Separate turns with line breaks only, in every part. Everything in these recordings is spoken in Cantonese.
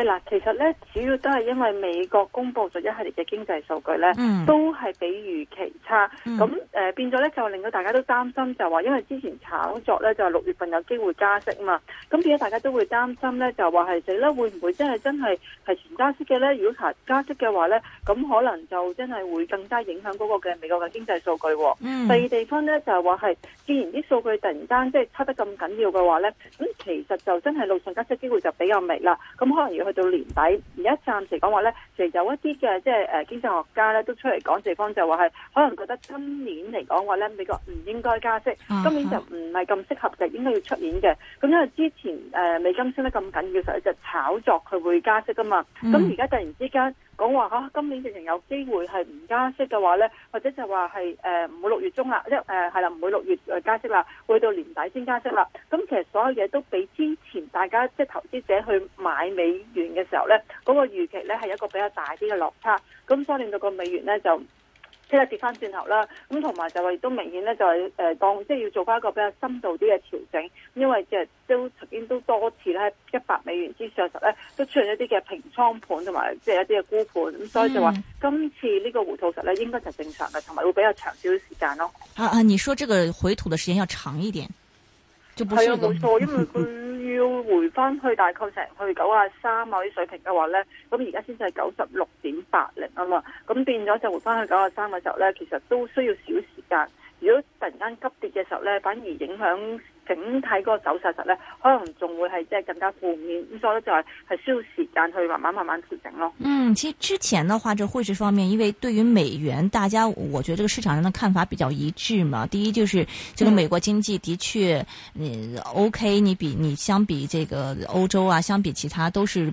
嗱，其實咧主要都係因為美國公布咗一系列嘅經濟數據咧，嗯，都係比預期差。咁、嗯、誒、呃、變咗咧就令到大家都擔心，就話因為之前炒作咧就係六月份有機會加息啊嘛。咁變咗大家都會擔心咧，就話係死咧？會唔會真係真係提前加息嘅咧？如果查加息嘅話咧，咁可能就真係會更加影響嗰個嘅美國嘅經濟數據、哦嗯。第二地方咧就係話係，既然啲數據突然間即係差得咁緊要嘅話咧，咁其實就真係路上加息機會就比較微啦。咁可能去到年底，而家暫時講話咧，其實有一啲嘅即係誒經濟學家咧都出嚟講地方就，就話係可能覺得今年嚟講話咧，美國唔應該加息，今年就唔係咁適合就應該要出年嘅。咁因為之前、呃、美金升得咁緊要嘅時候，就是、炒作佢會加息噶嘛。咁而家突然之間。講話吓，今年疫情有機會係唔加息嘅話咧，或者就話係誒唔會六月中啦，即誒係啦，唔、呃、會六月誒加息啦，去到年底先加息啦。咁其實所有嘢都比之前大家即係、就是、投資者去買美元嘅時候咧，嗰、那個預期咧係一個比較大啲嘅落差。咁所以令到個美元咧就。即係跌翻轉頭啦，咁同埋就話亦都明顯咧，就係誒當即係要做翻一個比較深度啲嘅調整，因為即係都曾經都多次咧一百美元之上實咧都出現一啲嘅平倉盤同埋即係一啲嘅沽盤，咁所以就話今次呢個回吐實咧應該就正常嘅，同埋會比較長少少時間咯、嗯。
啊啊，你說這個回吐嘅時間要長一點，就係冇、啊、錯，
因為佢。 要回翻去大概成去九十三啊啲水平嘅話呢，咁而家先至係九十六點八零啊嘛，咁變咗就回翻去九十三嘅時候呢，其實都需要少時間。如果突然間急跌嘅時候呢，反而影響。整體嗰個走勢實咧，可能仲會係即係更加負面，咁所以咧就係係需要時間去慢慢慢慢調整
咯。嗯，其實之前的話，就匯市方面，因為對於美元，大家我覺得這個市場上的看法比較一致嘛。第一就是，這個美國經濟的確你，嗯，OK，你比你相比這個歐洲啊，相比其他都是。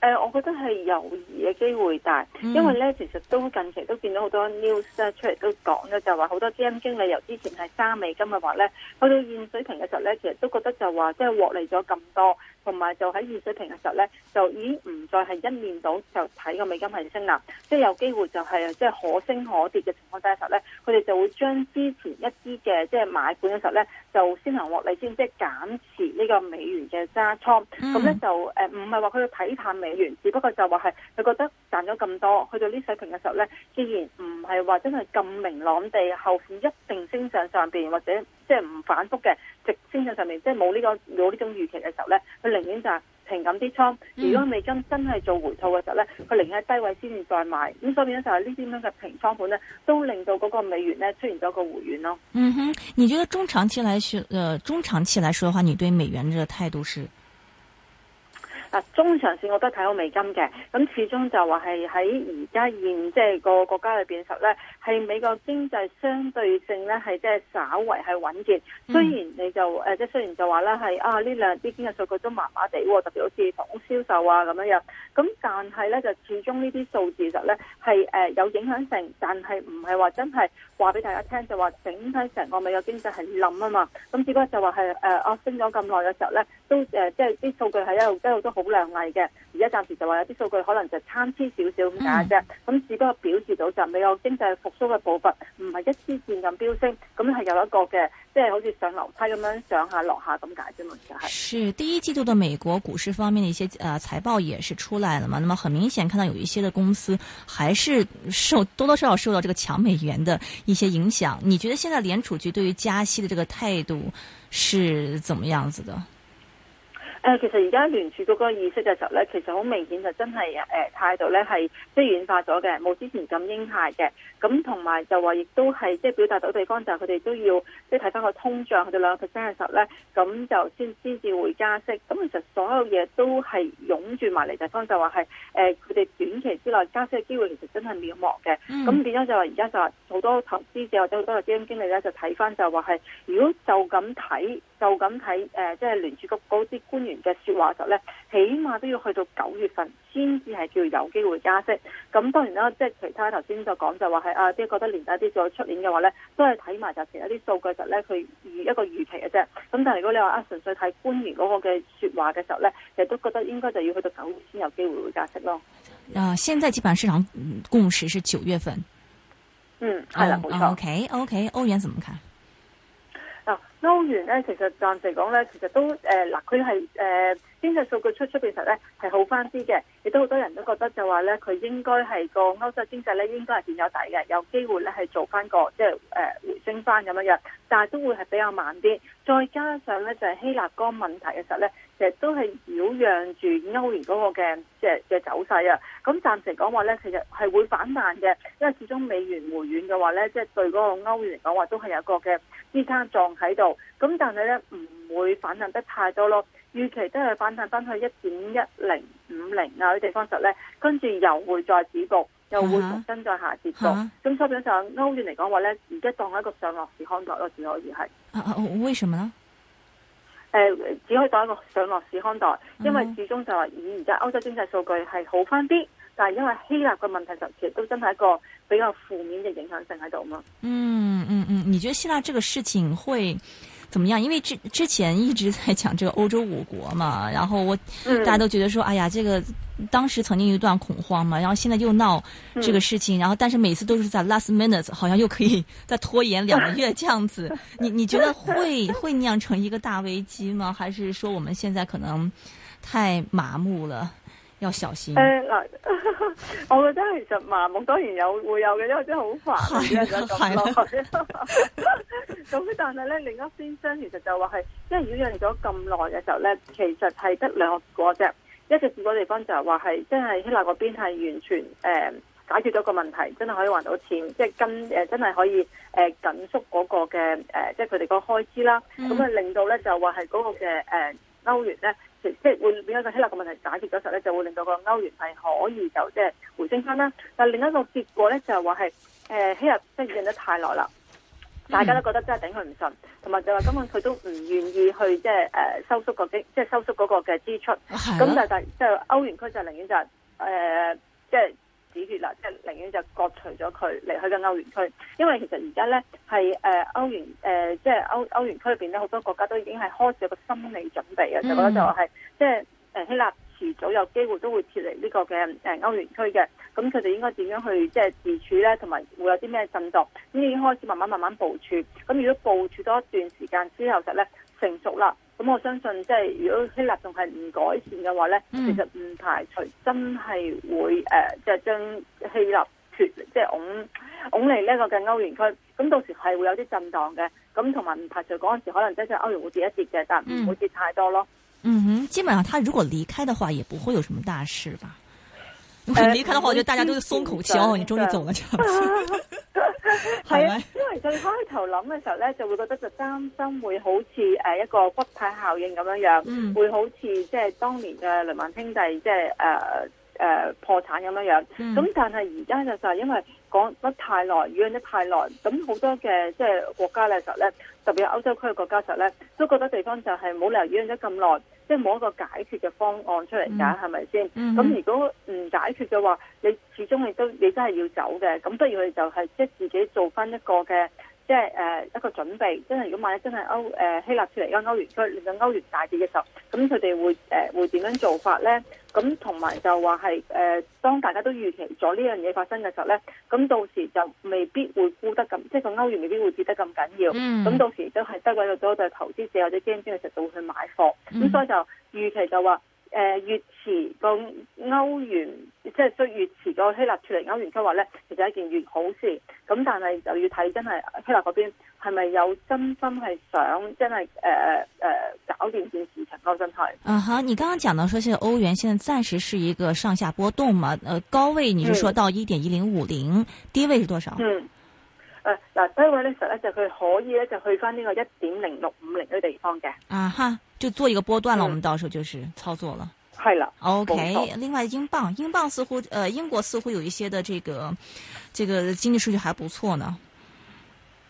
誒、呃，我覺得係猶豫嘅機會大，但因為咧，其實都近期都見到好多 news 出嚟都講咗，就話好多基金經理由之前係三美金嘅話咧，去到現水平嘅時候咧，其實都覺得就話即係獲利咗咁多，同埋就喺現水平嘅時候咧，就已經唔再係一面倒就睇個美金係升啦，即係有機會就係即係可升可跌嘅情況底下嘅時候咧，佢哋就會將之前一啲嘅即係買盤嘅時候咧。就先行獲利先，即係減持呢個美元嘅揸倉，咁、嗯、咧就誒唔係話佢睇淡美元，只不過就話係佢覺得賺咗咁多，去到呢水平嘅時候咧，既然唔係話真係咁明朗地後市一定升上上邊或者即係唔反覆嘅直升上上面，即係冇呢個冇呢種預期嘅時候咧，佢寧願就係、是。平啲倉，如果美金真係做回吐嘅時候咧，佢寧願喺低位先至再買，咁所以咧就係呢啲咁嘅平倉盤咧，都令到嗰個美元咧出現咗個回軟咯。嗯
哼，你覺得中長期來說，誒、呃、中長期來說嘅話，你對美元嘅態度是？
嗱，中長線我都睇好美金嘅，咁始終就話係喺而家現即係個國家裏邊實呢，係美國經濟相對性呢係即係稍為係穩健。雖然你就誒即係雖然就話咧係啊呢兩啲經濟數據都麻麻地喎，特別好似房屋銷售啊咁樣樣。咁但係呢就始終呢啲數字實呢係有影響性，但係唔係話真係話俾大家聽就話整體成個美國經濟係冧啊嘛。咁只不過就話係呃，升咗咁耐嘅時候咧，都、啊、即係啲數據係一路一路都好亮麗嘅，而家暫時就話有啲數據可能就參差少少咁解啫，咁只不過表示到就未有經濟復甦嘅步伐，唔係一枝箭咁飆升，咁係有一個嘅，即係好似上樓梯咁樣上下落下咁解啫嘛，其
實係。是第一季度的美國股市方面的一些呃財報也是出來了嘛，那麼很明顯看到有一些的公司還是受多多少少受到這個強美元的一些影響，你覺得現在聯儲局對於加息的這個態度是怎麼樣子的？
誒，其實而家聯儲局嗰個意識嘅時候咧，其實好明顯就真係誒，態度咧係即係軟化咗嘅，冇之前咁鷹派嘅。咁同埋就話亦都係即係表達到地方就係佢哋都要即係睇翻個通脹，佢哋兩個 percent 嘅時候咧，咁就先先至會加息。咁其實所有嘢都係擁住埋嚟，就方就話係誒，佢哋短期之內加息嘅機會其實真係渺茫嘅。咁、mm. 變咗就話而家就話好多投資者或者好多嘅基金經理咧就睇翻就話係如果就咁睇就咁睇誒，即係聯儲局嗰啲官員。嘅説話嘅時候咧，起碼都要去到九月份先至係叫有機會加息。咁當然啦，即係其他頭先就講就話係啊，啲覺得年底啲再出年嘅話咧，都係睇埋就其一啲數據實咧，佢預一個預期嘅啫。咁但係如果你話啊，純粹睇官員嗰個嘅説話嘅時候咧，其實都覺得應該就要去到九月先有機會會加息咯。
啊，現在基本上市場共識是九月份。
嗯，係
啦，冇、oh, 錯。OK，OK，、okay, okay, 歐元怎麼看？
歐元咧，其實暫時講咧，其實都誒，嗱，佢係誒經濟數據出出其實呢，咧，係好翻啲嘅，亦都好多人都覺得就話咧，佢應該係個歐洲經濟咧應該係變咗底嘅，有機會咧係做翻個即係誒回升翻咁樣樣，但係都會係比較慢啲。再加上咧就係、是、希臘嗰個問題嘅時候咧，其實都係擾攘住歐元嗰個嘅嘅嘅走勢啊。咁暫時講話咧，其實係會反彈嘅，因為始終美元回軟嘅話咧，即、就、係、是、對嗰個歐元嚟講話都係有一個嘅。依家撞喺度，咁但係咧唔會反彈得太多咯，預期都係反彈翻去一點一零五零啊啲地方實咧，跟住又會再止步，又會重新再下跌咗。咁、啊啊啊啊啊、所以基本上歐元嚟講話咧，而家當係一個上落市看待咯，只可以係、
啊啊。為什麼
咧？誒、呃，只可以當一個上落市看待，因為始終就話以而家歐洲經濟數據係好翻啲。但因為希臘的問題，就其
實都真係一個比較負面嘅影響性喺度嘛。嗯嗯嗯，你覺得希臘這個事情會怎麼樣？因為之之前一直在講這個歐洲五國嘛，然後我、嗯、大家都覺得說哎呀，這個當時曾經有一段恐慌嘛，然後現在又鬧這個事情、嗯，然後但是每次都是在 last minute，好像又可以再拖延兩個月，這樣子。啊、你你覺得會 會釀成一個大危機嗎？還是說我們現在可能太麻木了？要小心。誒
嗱，我覺得其實麻木當然有會有嘅，因為真係好煩，而 咁 但係咧，另一先生其實就話係，即係擾亂咗咁耐嘅時候咧，其實係得兩個結果啫。一個結果地方就係話係，即係希臘嗰邊係完全誒、呃、解決咗個問題，真係可以還到錢，即係跟誒真係可以誒緊縮嗰個嘅誒、呃，即係佢哋個開支啦。咁、嗯、啊令到咧就話係嗰個嘅誒歐元咧。即係會變咗個希臘個問題解決咗時候咧，就會令到個歐元係可以就即係回升翻啦。但係另一個結果咧，就係話係希臘即係忍得太耐啦，大家都覺得真係頂佢唔順，同、嗯、埋就話根本佢都唔願意去即係、呃、收縮、嗰個即係收縮嗰個嘅支出。係就咁，但係即係歐元區就寧願就誒、是呃、即係。止血啦，即係寧願就是，割除咗佢，離開嘅歐元區，因為其實而家咧係誒歐元誒、呃、即係歐歐元區裏邊咧，好多國家都已經係開始有個心理準備嘅，就覺得就係、是 mm -hmm. 即係誒希臘遲早有機會都會脫離呢個嘅誒歐元區嘅，咁佢哋應該點樣去即係自處咧，同埋會有啲咩震動？咁已經開始慢慢慢慢部署，咁如果部署多一段時間之後就咧成熟啦。咁我相信，即係如果希臘仲係唔改善嘅話咧、嗯，其實唔排除真係會誒，即、呃、係、就是、將希臘脫，即係拱拱嚟呢個嘅歐元區。咁到時係會有啲震盪嘅。咁同埋唔排除嗰陣時可能真係歐元會跌一跌嘅，但唔會跌太多
咯，嗯。嗯哼，基本上他如果離開的話，也不會有什麼大事吧？
如果離開的話，得、呃、大家都鬆口氣哦！你終於走了，
哈，
最開頭諗嘅時候咧，就會覺得就擔心會好似誒一個骨牌效應咁樣樣、嗯，會好似即係當年嘅雷曼兄弟即係誒誒破產咁樣樣。咁、嗯、但係而家就就係因為講得太耐，預言得太耐，咁好多嘅即係國家嘅時候咧。特別係歐洲區嘅國家就咧，都覺得地方就係冇理由忍咗咁耐，即係冇一個解決嘅方案出嚟㗎，係咪先？咁、嗯、如果唔解決嘅話，你始終亦都你都係要走嘅，咁不如就係即係自己做翻一個嘅。即係誒一個準備，即係如果萬一真係歐誒希臘脫離咗，歐歐元區令到歐元大跌嘅時候，咁佢哋會誒、呃、會點樣做法咧？咁同埋就話係誒，當大家都預期咗呢樣嘢發生嘅時候咧，咁到時就未必會估得咁，即係個歐元未必會跌得咁緊要。咁、mm -hmm. 到時都係得嗰個咗對投資者或者驚先嘅時候去買，就會買貨。咁所以就預期就話。誒、呃、越遲個歐元，即係即係越遲個希臘出嚟歐元計劃咧，其實係一件越好事。咁但係就要睇真係希臘嗰邊係咪有真心係想真係誒誒搞掂件事情囉，真係。啊
哈！你剛剛講到，說現在歐元現在暫時是一個上下波動嘛？呃，高位你是說到一點一零五零，1050，低位是多少？嗯，
誒嗱低位咧，實質佢可以咧就，就去翻呢個一點零六五零嘅地方嘅。
啊哈！就做一個波段了，嗯、我們到時候就是操作了。係啦，OK。另外，英鎊，英鎊似乎，呃，英國似乎有一些的這個，這個經濟數據還不錯呢。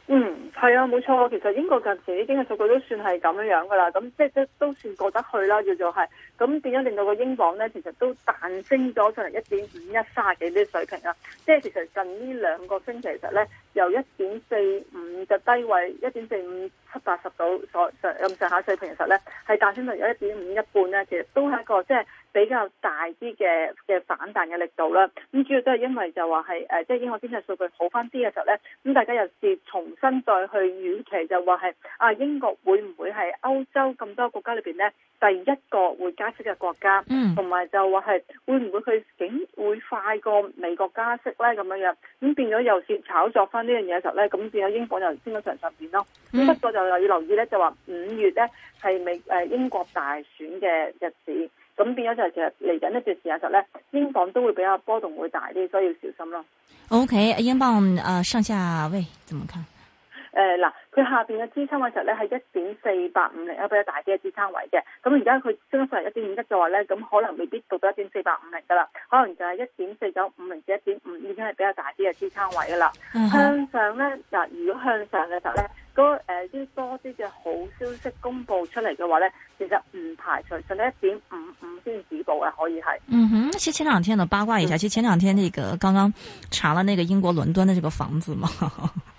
嗯，係啊，冇錯，
其實英國近期啲經濟數據都算係咁樣樣噶啦，咁即係都都算過得去啦，叫做係。咁變咗令到個英鎊咧，其實都彈升咗上嚟一點五一三十幾啲水平啦。即係其實近呢兩個星期其實咧，由一點四五嘅低位，一點四五七八十度所上咁上下水平嘅時候咧，係彈升到有一點五一半咧，其實都係一個即係比較大啲嘅嘅反彈嘅力度啦。咁主要都係因為就話係誒，即係英國經濟數據好翻啲嘅時候咧，咁大家又試重新再去預期就話係啊，英國會唔會係歐洲咁多個國家裏邊咧，第一個會加嘅國家，嗯，同埋就話係會唔會佢景會快過美國加息咧？咁樣樣咁變咗又涉炒作翻呢樣嘢嘅時候咧，咁變咗英鎊又升咗成十點咯。不過就又要留意咧，就話五月咧係美誒、呃、英國大選嘅日子，咁變咗就其實嚟緊一段時間就咧，英鎊都會比較波動會大啲，所以要小心咯。
OK，英鎊誒、呃、上下位怎麼看？
誒、呃，嗱，佢下邊嘅支撐位時候咧係一點四八五零，有比較大啲嘅支撐位嘅。咁而家佢升上嚟一點五一嘅話咧，咁可能未必到到一點四八五零噶啦，可能, gro, 可能就係一點四九五零至一點五已經係比較大啲嘅支撐位噶啦。向上咧，嗱，如果向上嘅時候咧，嗰誒啲多啲嘅好消息公布出嚟嘅話咧，其實唔排除上到一點五五先止步嘅可以係。
嗯哼，其實前兩天呢，八卦一下，其、嗯、實前兩天呢、那個剛剛查了那個英國倫敦的這個房子嘛。呵呵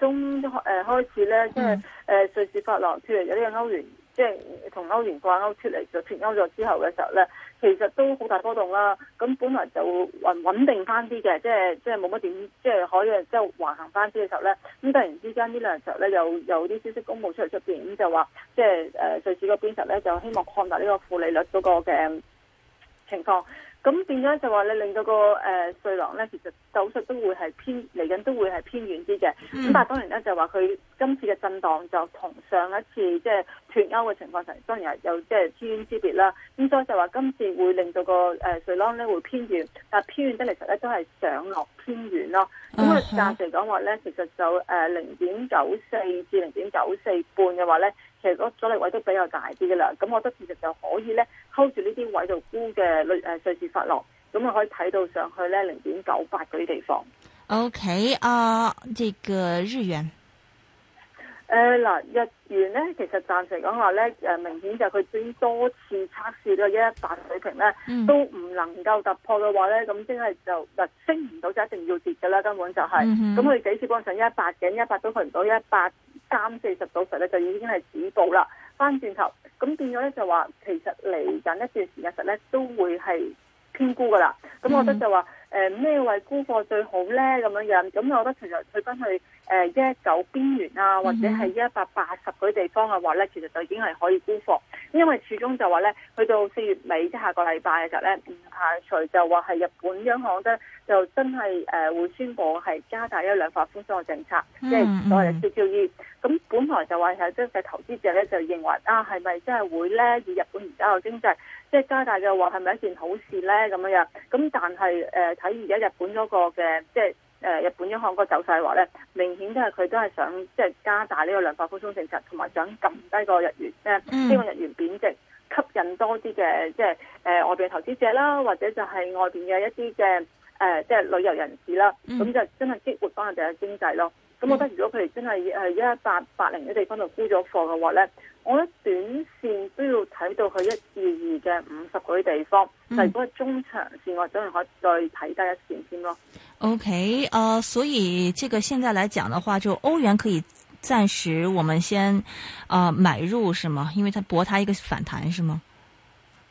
中誒、呃、開始咧，即係誒瑞士法郎脫離咗呢個歐元，即係同歐元掛鈎脫離咗，就脫歐咗之後嘅時候咧，其實都好大波動啦。咁本來就穩穩定翻啲嘅，即係即係冇乜點，即係可以即係橫行翻啲嘅時候咧，咁突然之間呢兩日時候咧，又有啲消息公佈出嚟出面，咁就話即係誒、呃、瑞士嗰邊時候咧，就希望擴大呢個負利率嗰個嘅情況。咁變咗就話你令到個誒瑞郎咧，其實走勢都會係偏嚟緊，都會係偏遠啲嘅。咁、嗯、但係當然咧，就話佢今次嘅震盪就同上一次即係脫歐嘅情況上，當然係有即係天淵之別啦。咁所以就話今次會令到個誒瑞郎咧，會偏遠，但係偏遠得嚟其實咧都係上落偏遠咯。咁啊價值講話咧，其實就誒零點九四至零點九四半嘅話咧，其實個阻力位都比較大啲嘅啦。咁我覺得其實就可以咧。收住呢啲位度沽嘅誒瑞士法郎，咁啊可以睇到上去咧零點九八嗰啲地方。
O K 啊，呢個日元
誒嗱、呃，日元咧其實暫時講話咧誒明顯就係佢對於多次測試嘅一一百水平咧、嗯、都唔能夠突破嘅話咧，咁即係就嗱升唔到就一定要跌噶啦，根本就係咁佢幾次往上一百嘅，一百都去唔到一百三四十到十咧就已經係止步啦。翻轉頭，咁變咗咧就話，其實嚟緊一段時間實咧都會係偏沽噶啦，咁我覺得就話。Mm -hmm. 誒、呃、咩位沽貨最好咧？咁樣咁，我覺得其實退翻去誒一、呃、九邊緣啊，或者係一百八十個地方嘅話咧，其實就已經係可以沽貨，因為始終就話咧，去到四月尾即下個禮拜嘅時候咧，唔排除就話係日本央行咧就真係誒、呃、會宣佈係加大一兩百寬鬆嘅政策，即係所謂嘅超超易。咁本來就話係即係投資者咧就認為啊，係咪真係會咧以日本而家嘅經濟即係、就是、加大嘅話係咪一件好事咧？咁樣咁，但係誒。呃睇而家日本嗰個嘅，即係誒日本央行嗰個走勢的話咧，明顯是他都係佢都係想即係、就是、加大呢個量化寬鬆政策，同埋想撳低個日元咧、呃嗯，希望日元貶值，吸引多啲嘅即係誒外邊投資者啦，或者就係外邊嘅一啲嘅誒即係旅遊人士啦，咁、嗯、就真係激活翻人哋嘅經濟咯。咁我覺得如果佢哋真係誒一八八零嘅地方度沽咗貨嘅話咧，我覺得短線都要睇到佢一二二嘅五十嗰啲地方，但、嗯、如果係中長線，我可能可以再睇低一線先咯。
OK，啊、呃，所以這個現在來講的話，就歐元可以暫時我們先啊、呃、買入，是嗎？因為它搏它一個反彈，是嗎？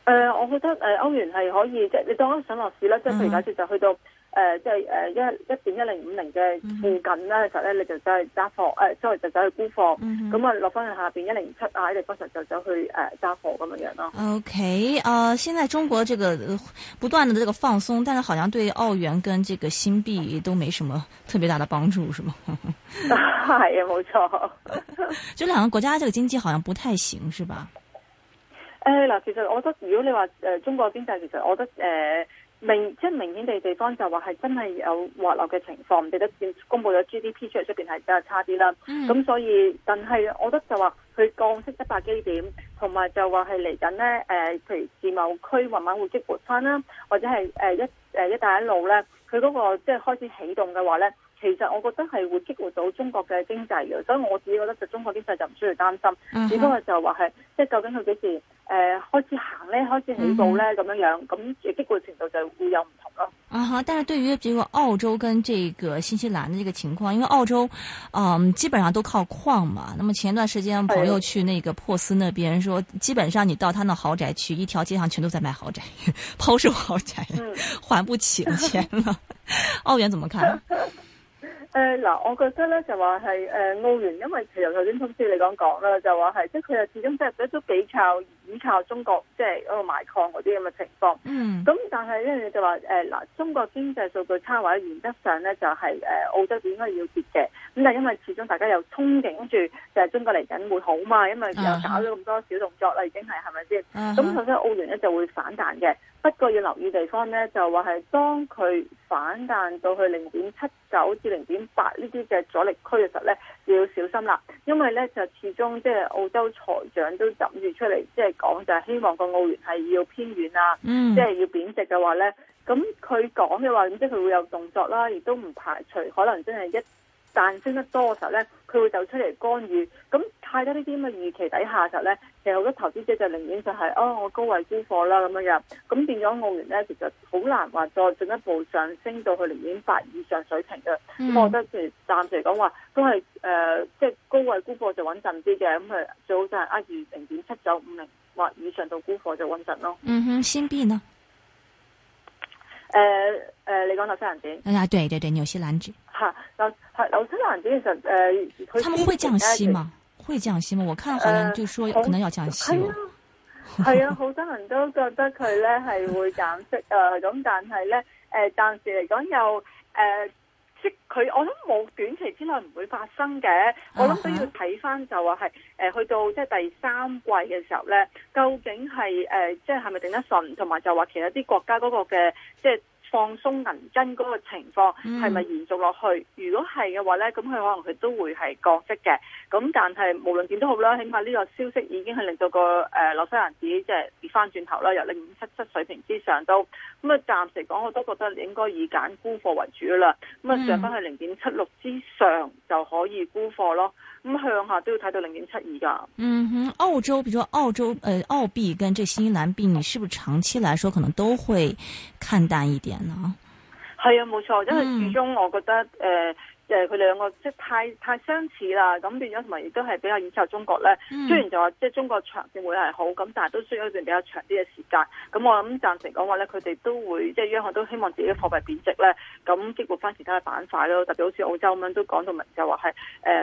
誒、呃，我覺得誒，歐元係可以即係你當佢上落市啦，即、嗯、係譬如假設就去到。誒、呃，即係誒一一點一零五零嘅附近咧，呃 1, 1 okay. 其實咧你就走去揸貨，誒、呃，之後就走去沽貨，咁啊落翻去下邊一零七啊，呢啲波勢就走去誒揸、呃、貨咁樣
樣咯。OK，誒、呃，現在中國這個不斷嘅這個放鬆，但是好像對澳元跟這個新幣都沒什麼特別大的幫助，是嗎？
係 啊， 冇沒錯。
就兩個國家，這個經濟好像不太行，是吧？
誒，嗱，其實我覺得，如果你話誒、呃、中國經濟其實，我覺得誒。呃明即係明顯地地方就話係真係有滑落嘅情況，地得線公布咗 GDP 出嚟，出邊係比較差啲啦。咁所以，但係我覺得就話佢降息一百基點，同埋就話係嚟緊咧，誒、呃、譬如自貿區慢慢會激活翻啦，或者係、呃、一一帶一路咧，佢嗰個即係開始起動嘅話咧。其實我覺得係會激活到中國嘅經濟嘅，所以我自己覺得就中國經濟就唔需要擔心，嗯，只不過就話係即係究竟佢幾時，呃、開始行咧，開始起步咧咁樣樣，咁誒激活程度就
會有唔同咯。啊、嗯、哈！但是對於比如澳洲跟這個新西蘭的這個情況，因為澳洲嗯、呃、基本上都靠礦嘛，那麼前段時間朋友去那個珀斯那邊，說基本上你到他那豪宅去，一條街上全都在賣豪宅，拋售豪宅，嗯、還不起錢了 澳元怎麼看？
誒，嗱，我覺得咧就話係，誒澳元，因為其實頭先通知你講講啦，就話係，即係佢又始終即係都幾靠依靠中國，即係嗰個賣礦嗰啲咁嘅情況。嗯。咁但係咧，你就話，誒嗱，中國經濟數據差，或者原則上咧就係、是，誒澳洲應該要跌嘅。咁但係因為始終大家又憧憬住，就係中國嚟緊會好嘛，因為又搞咗咁多小動作啦，已經係係咪先？咁、嗯嗯、首先澳元咧就會反彈嘅，不過要留意地方咧就話係當佢。反彈到去零點七九至零點八呢啲嘅阻力區嘅時候咧，就要小心啦。因為咧就始終即係澳洲財長都諗住出嚟，即係講就係希望個澳元係要偏軟啊，即、mm. 係要貶值嘅話咧，咁佢講嘅話，咁即係佢會有動作啦，亦都唔排除可能真係一彈升得多嘅時候咧。佢會走出嚟干預，咁太多呢啲咁嘅預期底下實咧，其實好多投資者就寧願就係、是，哦，我高位沽貨啦咁樣樣咁變咗澳元咧，其實好難話再進一步上升到去零點八以上水平嘅。咁、嗯、我覺得，暫時嚟講話都係誒，即係高位沽貨就穩陣啲嘅，咁誒最好就係壓二零點七九五零或以上到沽貨就穩陣咯。嗯
哼，先變啊！
誒、呃、誒、呃，你
講到紐西蘭，啊對對對，紐西蘭紙
吓，係、啊、紐西蘭紙。其實誒，
佢、呃、他們會降息嘛、呃？會降息嘛？我看好像就說可能要降息、哦。係、呃嗯、啊，
係啊，好多人都覺得佢咧係會減息啊，咁 但係咧誒，暫、呃、時嚟講又誒。呃即佢，我諗冇短期之內唔會發生嘅。Uh -huh. 我諗都要睇返、就是，就話係誒，去到即係第三季嘅時候咧，究竟係誒，即係係咪頂得順，同埋就話其他啲國家嗰個嘅即係。就是放鬆銀根嗰個情況係咪延續落去，嗯？如果係嘅話呢，咁佢可能佢都會係降息嘅。咁但係無論點都好啦，起碼呢個消息已經係令到，那個誒紐、呃、西蘭自己即係跌翻轉頭啦，由零點七七水平之上都咁啊，暫時講我都覺得你應該以揀沽貨為主啦。咁啊，上翻去零點七六之上就可以沽貨咯。咁向下都要睇到零點七二
㗎。嗯哼，澳洲，比如說澳洲，誒、呃，澳幣跟這新西蘭幣，你是不是長期來說可能都會看淡一點呢？
係啊，冇錯，因為始終我覺得誒。嗯呃誒佢哋兩個即係、就是、太太相似啦，咁變咗同埋亦都係比較倚靠中國咧、嗯。雖然就話即係中國長線會係好，咁但係都需要一段比較長啲嘅時間。咁我諗暫時講話咧，佢哋都會即係、就是、央行都希望自己貨幣貶值咧，咁激活翻其他嘅板塊咯。特別好似澳洲咁樣都講到明就話係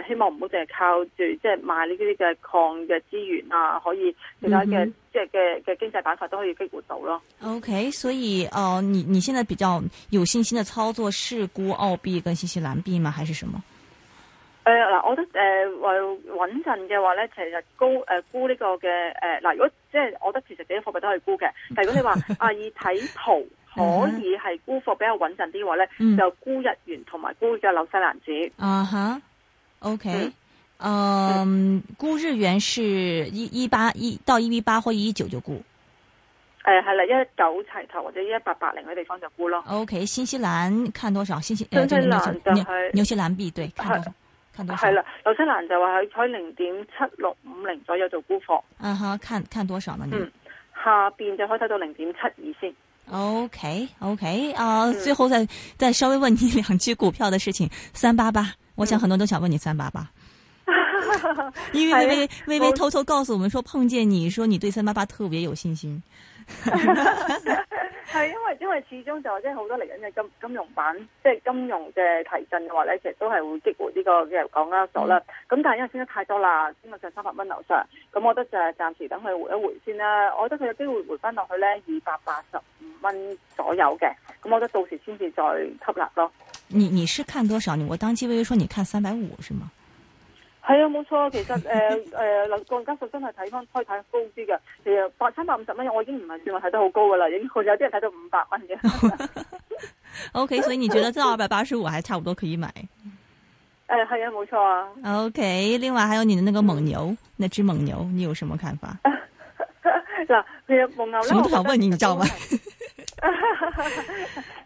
誒希望唔好淨係靠住即係賣呢啲嘅礦嘅資源啊，可以其他嘅即係嘅嘅經濟板塊都可以激活到
咯。OK，所以哦、呃，你你現在比較有信心嘅操作係沽澳幣跟新西，西蘭幣嘛？還是什麼？
誒、呃、嗱，我覺得誒、呃、穩陣嘅話咧，其實估誒估呢個嘅誒嗱，如果即係我覺得其實幾多貨幣都可以估嘅，但如果你話 啊以睇圖可以係估貨比較穩陣啲嘅話咧、嗯，就估日元同埋估嘅紐西蘭紙、嗯、
啊吓。OK，嗯，估、呃、日元是一一八一到一一八或一一九就估。
誒、呃，係啦，一九齊頭或者一八八零嘅地方
就沽咯。O、okay, K，新西蘭看多少？新西蘭就係新西蘭幣、就是、對，
看多少？看多少？係啦，紐西蘭就話喺喺零點七六五零左右做沽
貨。嗯、uh、哈 -huh，看看多少呢？嗯，下
邊就可以睇到
零點七二先。O K，O K，啊，最後再再稍微問你兩句股票的事情，三八八，我想很多人都想問你三八八， 因為微微微微偷，偷偷告訴我們說碰見你說你對三八八特別有信心。
係 因為因為始終就即係好多嚟緊嘅金金融版，即係金融嘅提振嘅話咧，其實都係會激活呢個嘅港交所啦。咁但係因為升得太多啦，升到上三百蚊樓上，咁我覺得就係暫時等佢回一回先啦。我覺得佢有機會回返落去咧二百八十五蚊左右嘅，咁我覺得到時先至再吸納咯。
你你是看多少？我當機微微說，你看三百五是嗎？
係啊，冇錯，其實誒誒，林、呃 呃、個人家就真係睇翻開睇高啲嘅，其實百三百五十蚊，我已經唔係算話睇得好高噶啦，已經有有啲人睇到五百蚊嘅。 o、okay, K，所以你覺得呢
個二百八十五還差唔多可以買？誒、 呃，係啊，冇錯啊。O、okay, K，另外，還有你的那個蒙牛， 那隻蒙牛，你有什麼看法？
嗱， 其實蒙牛，我都想問你，你知道嗎？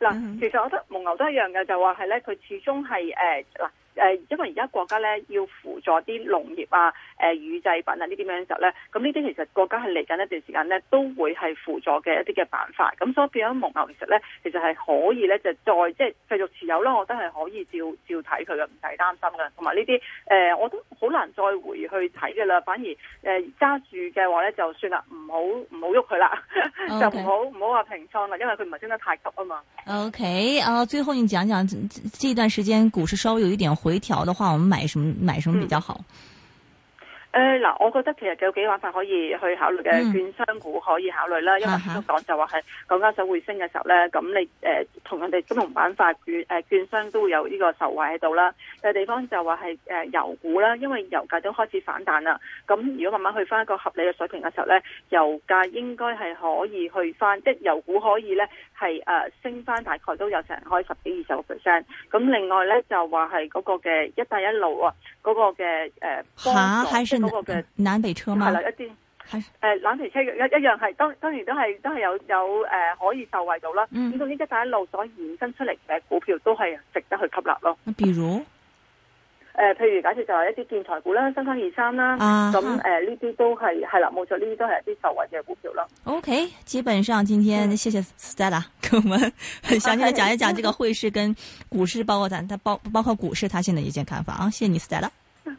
嗱， 其實我覺得蒙牛都一樣嘅，就話係咧，佢始終係誒嗱。呃誒，因為而家國家咧要輔助啲農業啊、誒、呃、乳製品啊呢啲咁樣嘅時候咧，咁呢啲其實國家係嚟緊一段時間咧都會係輔助嘅一啲嘅辦法。咁所以變咗蒙牛其實咧，其實係可以咧就再即係繼續持有啦。我覺得係可以照照睇佢嘅，唔使擔心㗎。同埋呢啲誒，我都好難再回去睇㗎啦。反而誒揸、呃、住嘅話咧，就算啦，唔好唔好喐佢啦，okay. 就唔好唔好話平倉啦，因為佢唔係升得太急啊嘛。
OK，啊、uh，最後你講講呢段時間股市稍微有一點回回調的話，我們買什麼，買什麼比較好？嗯
誒，嗱，我覺得其實有幾玩法，可以去考慮嘅，券商股可以考慮啦。因為香港就話係港交所會升嘅時候咧，咁你誒、呃，同人哋金融板塊、券，誒券商都會有呢個受惠喺度啦。但係地方就話係誒，油股啦，因為油價都開始反彈啦。咁如果慢慢去翻一個合理嘅水平嘅時候咧，油價應該係可以去翻，即係油股可以咧係誒升翻，大概都有成開十幾二十個 percent。咁另外咧就話係嗰個嘅一帶一路啊，嗰個嘅誒個
嘅南北車嘛，係啦一
啲，誒，冷、呃、皮車一一樣係，當當然都係都係有有誒、呃、可以受惠到啦。咁總之，一帶一路所衍生出嚟嘅股票都係值得去吸納咯。
那比如，誒、
呃，譬如假設就話一啲建材股啦，三三二三啦，咁誒呢啲都係係啦，冇錯，呢啲都係一啲受惠嘅股票咯。
O、okay，K，基本上今天、嗯、謝謝 Stella，跟我們
詳細地講一講這個
匯市跟股市，包括但但包包括股市，他現在一些看法啊，謝謝你 Stella。嗯